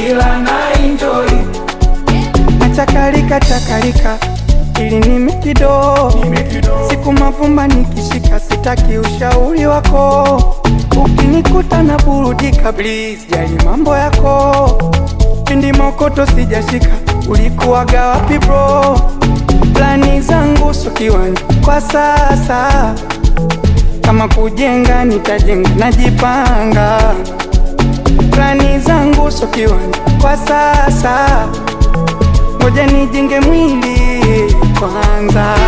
ila na enjoy. Achakalika chakalika ili nime kido siku mavumba nikishika, sitaki ushauri wako, ukinikuta na burudika, please jali mambo yako, pindi mokoto sijashika, ulikuwaga wapi bro? Plani zangu sio kwa sasa, kama kujenga nitajenga, najipanga ukiwa kwa sasa, ngoja nijenge mwili kwanza.